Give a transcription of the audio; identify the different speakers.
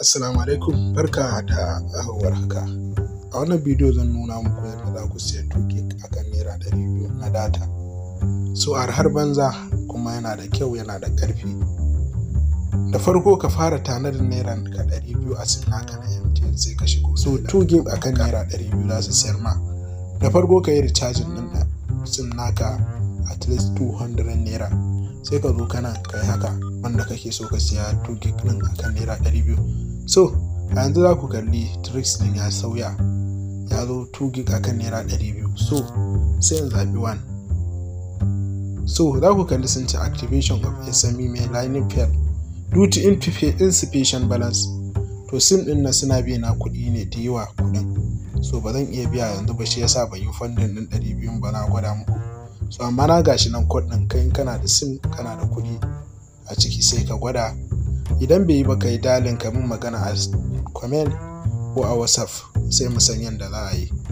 Speaker 1: Assalamu alaikum barka da hawar haka. A wannan bidiyo zan nuna muku yadda za ku siya 2 a kan naira 200 na data. So har banza kuma yana da kyau yana da karfi Da farko ka fara tanadin naira ka 200 a sin naka na MTN sai ka shigo. So 2 gig a kan naira 200 za su siyar ma. Da farko ka yi recharging ɗin sin naka at least 200 naira. sai ka zo kana ka yi haka wanda kake so ka siya 2 gig ɗin akan naira 200 so a yanzu za ku kalli tricks din ya sauya ya zo 2 gig akan naira 200 so sai in zaɓi 1 so za ku kalli sun ci activation of sme mai lining pair due to insufficient balance to sim din na suna biya na kuɗi ne da yawa kuɗin so ba zan iya biya yanzu ba shi yasa ban yi fandin din 200 ba na gwada muku so amma na gashi nan code ɗin kai kana da sim kana da kuɗi a ciki sai ka gwada idan bai yi ba kai dalin ka min magana a comment ko a whatsapp sai mu san yadda za a yi